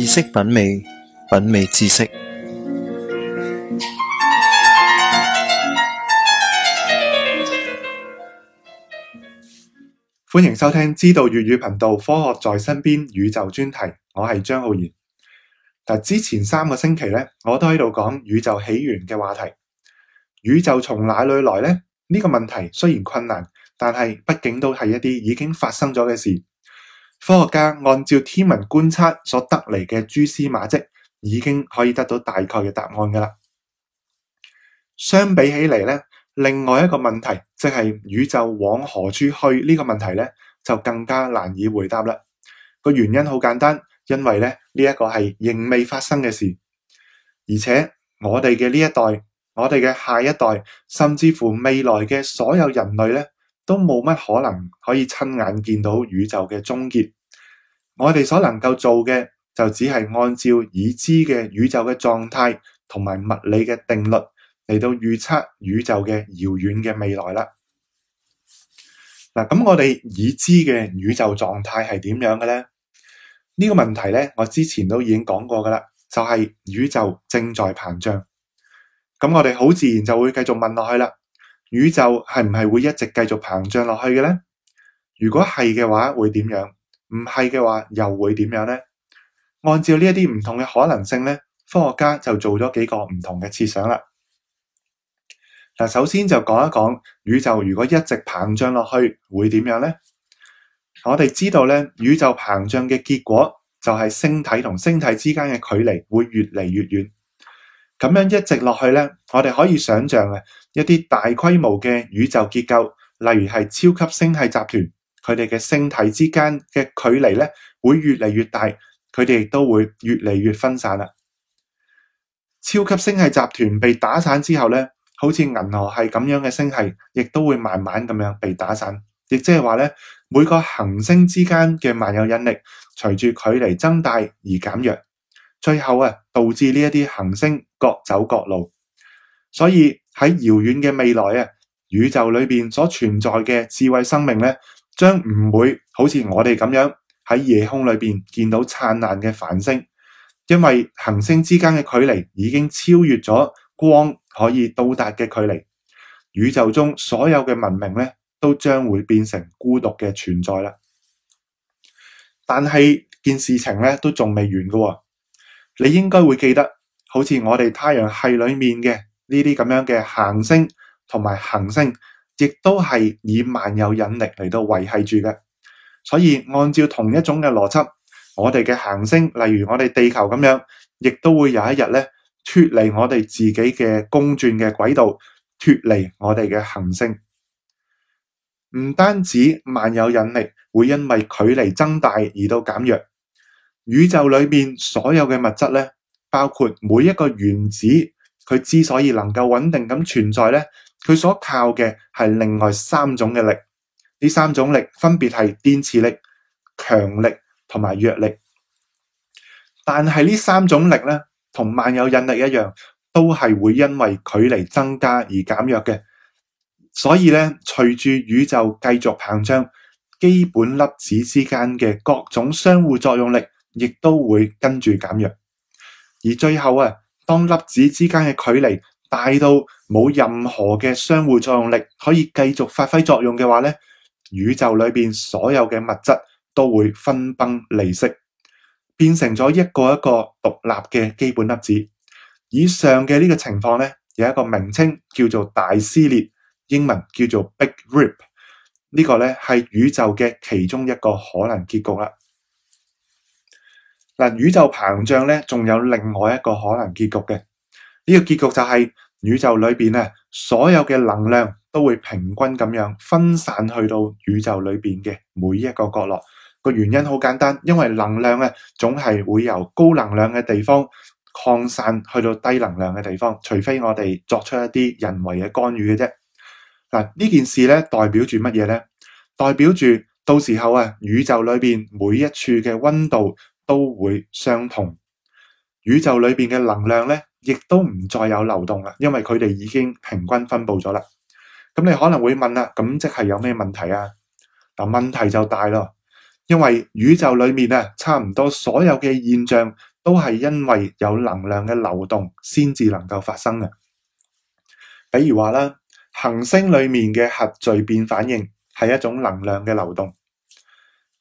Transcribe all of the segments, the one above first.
知識品味，品味知識。歡迎收聽知道粵語頻道《科學在身邊·宇宙》專題，我係張浩然。嗱，之前三個星期呢，我都喺度講宇宙起源嘅話題。宇宙從哪裏來呢？呢、這個問題雖然困難，但係畢竟都係一啲已經發生咗嘅事。科學家按照天文觀測所得嚟嘅蛛絲馬迹，已經可以得到大概嘅答案噶啦。相比起嚟咧，另外一個問題，即係宇宙往何處去呢個問題咧，就更加難以回答啦。個原因好簡單，因為咧呢一個係仍未發生嘅事，而且我哋嘅呢一代，我哋嘅下一代，甚至乎未來嘅所有人類咧。都冇乜可能可以親眼見到宇宙嘅終結，我哋所能夠做嘅就只係按照已知嘅宇宙嘅狀態同埋物理嘅定律嚟到預測宇宙嘅遙遠嘅未來啦。嗱，咁我哋已知嘅宇宙狀態係點樣嘅呢？呢個問題呢，我之前都已經講過㗎啦，就係宇宙正在膨脹。咁我哋好自然就會繼續問落去啦。宇宙係唔係會一直繼續膨脹落去嘅呢？如果係嘅話，會點樣？唔係嘅話，又會點樣呢？按照呢一啲唔同嘅可能性呢，科學家就做咗幾個唔同嘅設想啦。嗱，首先就講一講宇宙如果一直膨脹落去會點樣呢？我哋知道咧，宇宙膨脹嘅結果就係星體同星體之間嘅距離會越嚟越遠。咁樣一直落去呢，我哋可以想象啊，一啲大規模嘅宇宙結構，例如係超級星系集團，佢哋嘅星體之間嘅距離呢，會越嚟越大，佢哋亦都會越嚟越分散啦。超級星系集團被打散之後呢，好似銀河系咁樣嘅星系，亦都會慢慢咁樣被打散，亦即係話呢，每個行星之間嘅萬有引力隨住距離增大而減弱，最後啊，導致呢一啲行星，各走各路，所以喺遙遠嘅未來啊，宇宙裏邊所存在嘅智慧生命咧，將唔會好似我哋咁樣喺夜空裏邊見到燦爛嘅繁星，因為行星之間嘅距離已經超越咗光可以到達嘅距離，宇宙中所有嘅文明咧都將會變成孤獨嘅存在啦。但係件事情咧都仲未完㗎喎，你應該會記得。好似我哋太陽系裏面嘅呢啲咁樣嘅行星同埋恒星，亦都係以萬有引力嚟到維繫住嘅。所以按照同一種嘅邏輯，我哋嘅行星，例如我哋地球咁樣，亦都會有一日咧脫離我哋自己嘅公轉嘅軌道，脫離我哋嘅行星。唔單止萬有引力會因為距離增大而到減弱，宇宙裏面所有嘅物質咧。包括每一個原子，佢之所以能夠穩定咁存在咧，佢所靠嘅係另外三種嘅力。呢三種力分別係電磁力、強力同埋弱力。但係呢三種力咧，同萬有引力一樣，都係會因為距離增加而減弱嘅。所以咧，隨住宇宙繼續膨脹，基本粒子之間嘅各種相互作用力，亦都會跟住減弱。而最後啊，當粒子之間嘅距離大到冇任何嘅相互作用力可以繼續發揮作用嘅話咧，宇宙裏面所有嘅物質都會分崩離析，變成咗一個一個獨立嘅基本粒子。以上嘅呢個情況咧，有一個名稱叫做大撕裂，英文叫做 Big Rip。呢個咧係宇宙嘅其中一個可能結局啦。嗱，宇宙膨脹咧，仲有另外一個可能結局嘅。呢個結局就係宇宙裏面咧，所有嘅能量都會平均咁樣分散去到宇宙裏面嘅每一個角落。個原因好簡單，因為能量咧總係會由高能量嘅地方擴散去到低能量嘅地方，除非我哋作出一啲人為嘅干預嘅啫。嗱，呢件事咧代表住乜嘢咧？代表住到時候啊，宇宙裏面每一處嘅溫度，都會相同，宇宙裏邊嘅能量咧，亦都唔再有流動啦，因為佢哋已經平均分佈咗啦。咁你可能會問啊，咁即係有咩問題啊？嗱，問題就大咯，因為宇宙裏面啊，差唔多所有嘅現象都係因為有能量嘅流動先至能夠發生嘅。比如話啦，恆星裏面嘅核聚變反應係一種能量嘅流動。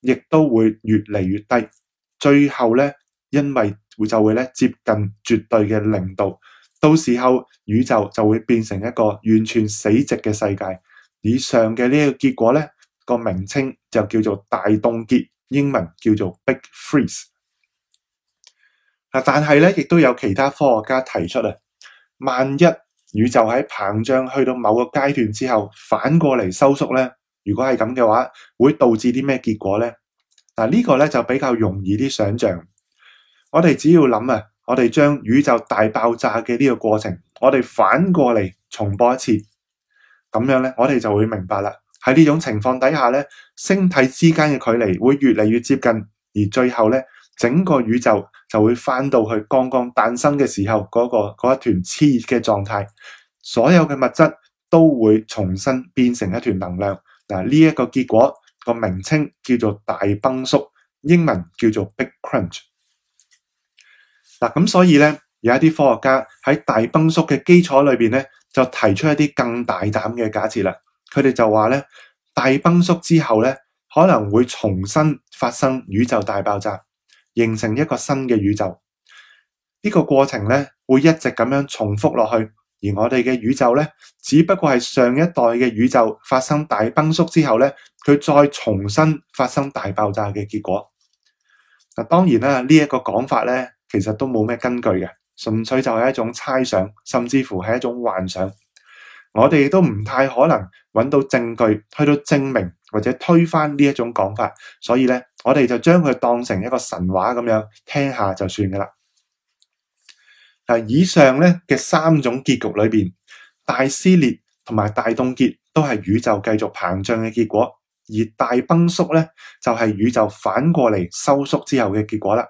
亦都會越嚟越低，最後咧，因為就會咧接近絕對嘅零度，到時候宇宙就會變成一個完全死寂嘅世界。以上嘅呢個結果咧，個名稱就叫做大凍結，英文叫做 Big Freeze。嗱，但係咧，亦都有其他科學家提出啊，萬一宇宙喺膨脹去到某個階段之後，反過嚟收縮咧？如果係咁嘅話，會導致啲咩結果呢？嗱，呢個咧就比較容易啲想象。我哋只要諗啊，我哋將宇宙大爆炸嘅呢個過程，我哋反過嚟重播一次，咁樣咧，我哋就會明白啦。喺呢種情況底下咧，星體之間嘅距離會越嚟越接近，而最後咧，整個宇宙就會翻到去剛剛誕生嘅時候嗰個嗰一團熾熱嘅狀態，所有嘅物質都會重新變成一團能量。嗱，呢一個結果個名稱叫做大崩縮，英文叫做 Big Crunch。嗱，咁所以咧，有一啲科學家喺大崩縮嘅基礎裏面咧，就提出一啲更大膽嘅假設啦。佢哋就話咧，大崩縮之後咧，可能會重新發生宇宙大爆炸，形成一個新嘅宇宙。呢個過程咧，會一直咁樣重複落去。而我哋嘅宇宙咧，只不過係上一代嘅宇宙發生大崩縮之後咧，佢再重新發生大爆炸嘅結果。嗱，當然啦，這個、呢一個講法咧，其實都冇咩根據嘅，純粹就係一種猜想，甚至乎係一種幻想。我哋都唔太可能揾到證據去到證明或者推翻呢一種講法，所以咧，我哋就將佢當成一個神話咁樣聽下就算噶啦。以上咧嘅三種結局裏邊，大撕裂同埋大凍結都係宇宙繼續膨脹嘅結果，而大崩縮咧就係宇宙反過嚟收縮之後嘅結果啦。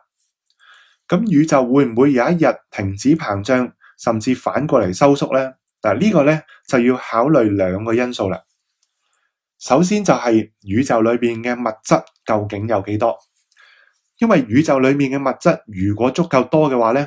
咁宇宙會唔會有一日停止膨脹，甚至反過嚟收縮呢？嗱，呢個呢，就要考慮兩個因素啦。首先就係宇宙裏邊嘅物質究竟有幾多？因為宇宙裏面嘅物質如果足夠多嘅話呢。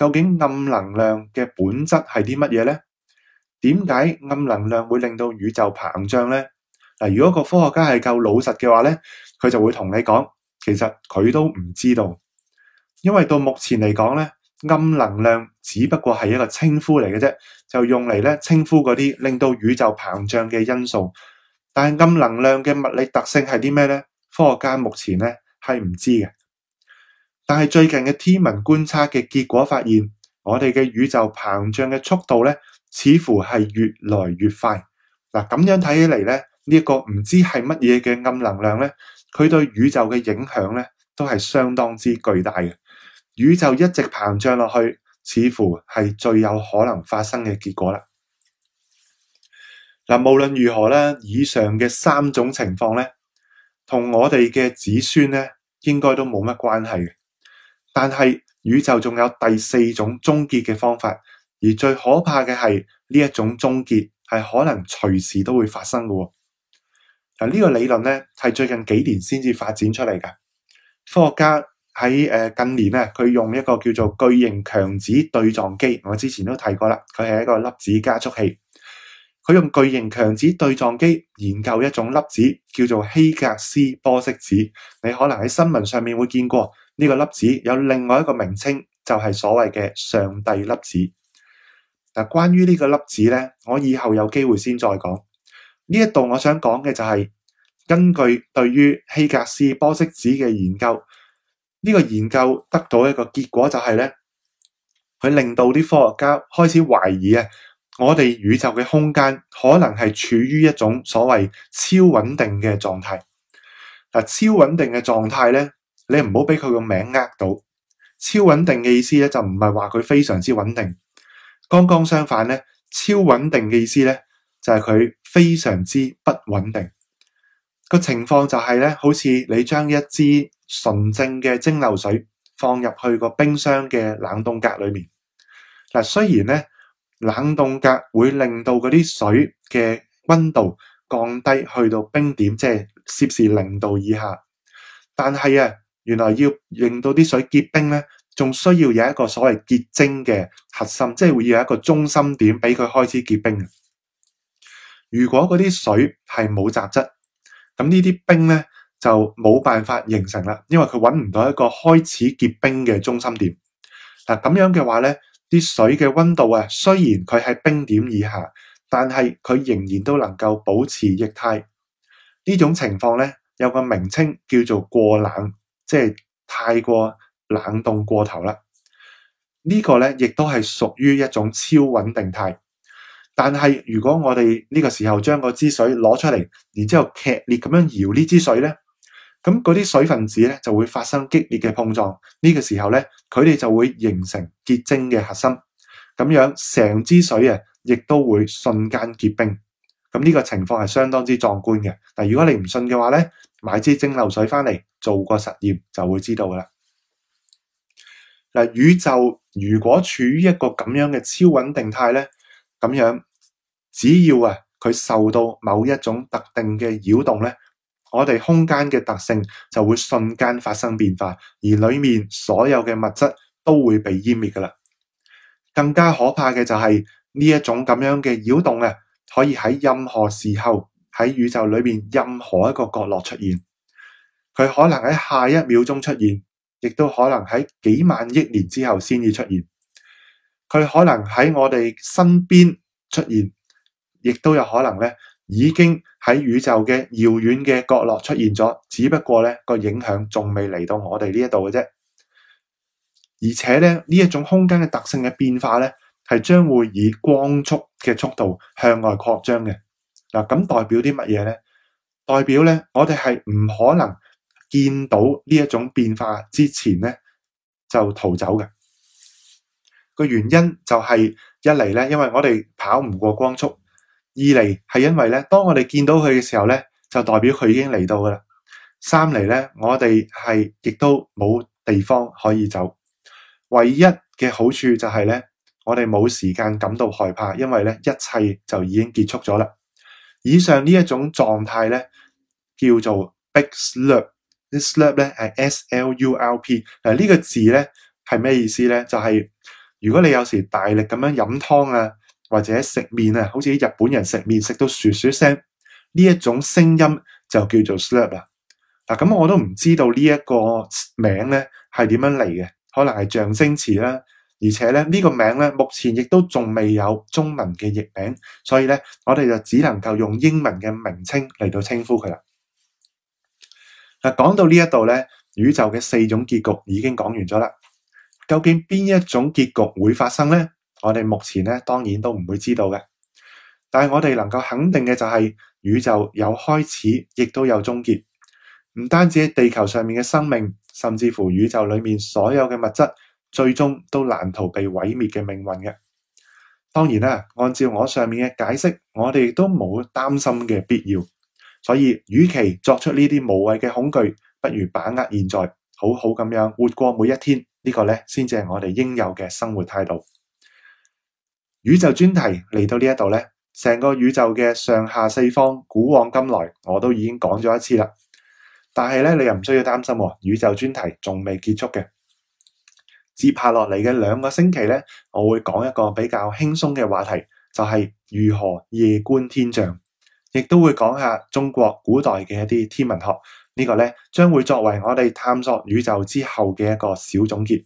究竟暗能量嘅本質係啲乜嘢咧？點解暗能量會令到宇宙膨脹咧？嗱，如果個科學家係夠老實嘅話咧，佢就會同你講，其實佢都唔知道，因為到目前嚟講咧，暗能量只不過係一個稱呼嚟嘅啫，就用嚟咧稱呼嗰啲令到宇宙膨脹嘅因素。但係暗能量嘅物理特性係啲咩咧？科學家目前咧係唔知嘅。但係最近嘅天文觀測嘅結果發現，我哋嘅宇宙膨脹嘅速度咧，似乎係越來越快。嗱，咁樣睇起嚟咧，呢一個唔知係乜嘢嘅暗能量咧，佢對宇宙嘅影響咧，都係相當之巨大嘅。宇宙一直膨脹落去，似乎係最有可能發生嘅結果啦。嗱，無論如何咧，以上嘅三種情況咧，同我哋嘅子孫咧，應該都冇乜關係嘅。但係宇宙仲有第四種終結嘅方法，而最可怕嘅係呢一種終結係可能隨時都會發生嘅。嗱、這、呢個理論咧，係最近幾年先至發展出嚟嘅。科學家喺誒、呃、近年咧，佢用一個叫做巨型強子對撞機，我之前都提過啦，佢係一個粒子加速器。佢用巨型強子對撞機研究一種粒子叫做希格斯玻色子，你可能喺新聞上面會見過。呢個粒子有另外一個名稱，就係所謂嘅上帝粒子。嗱，關於呢個粒子咧，我以後有機會先再講。呢一度我想講嘅就係，根據對於希格斯玻色子嘅研究，呢個研究得到一個結果就係咧，佢令到啲科學家開始懷疑啊，我哋宇宙嘅空間可能係處於一種所謂超穩定嘅狀態。嗱，超穩定嘅狀態咧。你唔好俾佢個名呃到，超穩定嘅意思咧就唔係話佢非常之穩定，剛剛相反咧，超穩定嘅意思咧就係佢非常之不穩定。個情況就係咧，好似你將一支純正嘅蒸餾水放入去個冰箱嘅冷凍格裏面，嗱，雖然咧冷凍格會令到嗰啲水嘅溫度降低去到冰點，即係攝氏零度以下，但係啊。原來要令到啲水結冰咧，仲需要有一個所謂結晶嘅核心，即係會要有一個中心點俾佢開始結冰。如果嗰啲水係冇雜質，咁呢啲冰咧就冇辦法形成啦，因為佢揾唔到一個開始結冰嘅中心點。嗱咁樣嘅話咧，啲水嘅溫度啊，雖然佢喺冰點以下，但係佢仍然都能夠保持液態。呢種情況咧，有個名稱叫做過冷。即係太過冷凍過頭啦，呢個咧亦都係屬於一種超穩定態但是。但係如果我哋呢個時候將嗰支水攞出嚟，然之後劇烈咁樣搖呢支水咧，咁嗰啲水分子咧就會發生激烈嘅碰撞。呢、呢個時候咧，佢哋就會形成結晶嘅核心。咁樣成支水啊，亦都會瞬間結冰。咁呢個情況係相當之壯觀嘅。但如果你唔信嘅話咧，買支蒸餾水翻嚟。做個實驗就會知道噶啦。嗱，宇宙如果處於一個咁樣嘅超穩定態咧，咁樣只要啊佢受到某一種特定嘅擾動咧，我哋空間嘅特性就會瞬間發生變化，而裏面所有嘅物質都會被湮滅噶啦。更加可怕嘅就係呢一種咁樣嘅擾動啊，可以喺任何時候喺宇宙裏面任何一個角落出現。佢可能喺下一秒鐘出現，亦都可能喺幾萬億年之後先至出現。佢可能喺我哋身邊出現，亦都有可能咧，已經喺宇宙嘅遙遠嘅角落出現咗，只不過咧個影響仲未嚟到我哋呢一度嘅啫。而且咧呢一種空間嘅特性嘅變化咧，係將會以光速嘅速度向外擴張嘅。嗱，咁代表啲乜嘢咧？代表咧，我哋係唔可能。見到呢一種變化之前呢，就逃走嘅個原因就係、是、一嚟呢，因為我哋跑唔過光速；二嚟係因為呢，當我哋見到佢嘅時候呢，就代表佢已經嚟到㗎啦；三嚟呢，我哋係亦都冇地方可以走。唯一嘅好處就係呢，我哋冇時間感到害怕，因為呢，一切就已經結束咗啦。以上呢一種狀態呢，叫做 Big Slurp。呢 slurp 咧係 s-l-u-r-p，嗱，呢個字咧係咩意思咧？就係如果你有時大力咁樣飲湯啊，或者食麵啊，好似啲日本人食麵食到説説聲，呢一種聲音就叫做 slurp 啦。嗱，咁我都唔知道呢一個名咧係點樣嚟嘅，可能係象聲詞啦。而且咧，呢個名咧目前亦都仲未有中文嘅譯名，所以咧，我哋就只能夠用英文嘅名稱嚟到稱呼佢啦。嗱，講到呢一度咧，宇宙嘅四種結局已經講完咗啦。究竟邊一種結局會發生呢？我哋目前咧，當然都唔會知道嘅。但係我哋能夠肯定嘅就係，宇宙有開始，亦都有終結。唔單止喺地球上面嘅生命，甚至乎宇宙裏面所有嘅物質，最終都難逃被毀滅嘅命運嘅。當然啦，按照我上面嘅解釋，我哋都冇擔心嘅必要。所以，與其作出呢啲無謂嘅恐懼，不如把握現在，好好咁樣活過每一天。呢、這個咧，先至係我哋應有嘅生活態度。宇宙專題嚟到呢一度咧，成個宇宙嘅上下四方，古往今來，我都已經講咗一次啦。但係咧，你又唔需要擔心，宇宙專題仲未結束嘅。接下落嚟嘅兩個星期咧，我會講一個比較輕鬆嘅話題，就係、是、如何夜觀天象。亦都會講下中國古代嘅一啲天文學，呢個咧，將會作為我哋探索宇宙之後嘅一個小總結。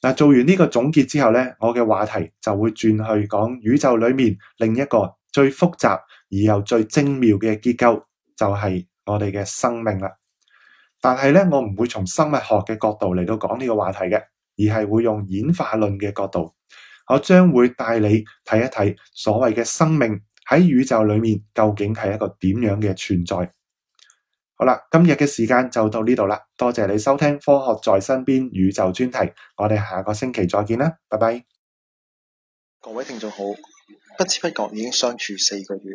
嗱，做完呢個總結之後咧，我嘅話題就會轉去講宇宙裏面另一個最複雜而又最精妙嘅結構，就係我哋嘅生命啦。但係咧，我唔會從生物學嘅角度嚟到講呢個話題嘅，而係會用演化論嘅角度，我將會帶你睇一睇所謂嘅生命。喺宇宙裏面究竟係一個點樣嘅存在？好啦，今日嘅時間就到呢度啦，多謝你收聽《科學在身邊：宇宙專題》，我哋下個星期再見啦，拜拜！各位聽眾好，不知不覺已經相處四個月，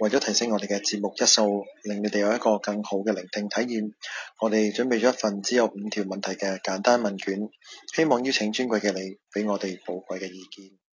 為咗提升我哋嘅節目質素，令你哋有一個更好嘅聆聽體驗，我哋準備咗一份只有五條問題嘅簡單問卷，希望邀請尊貴嘅你俾我哋寶貴嘅意見。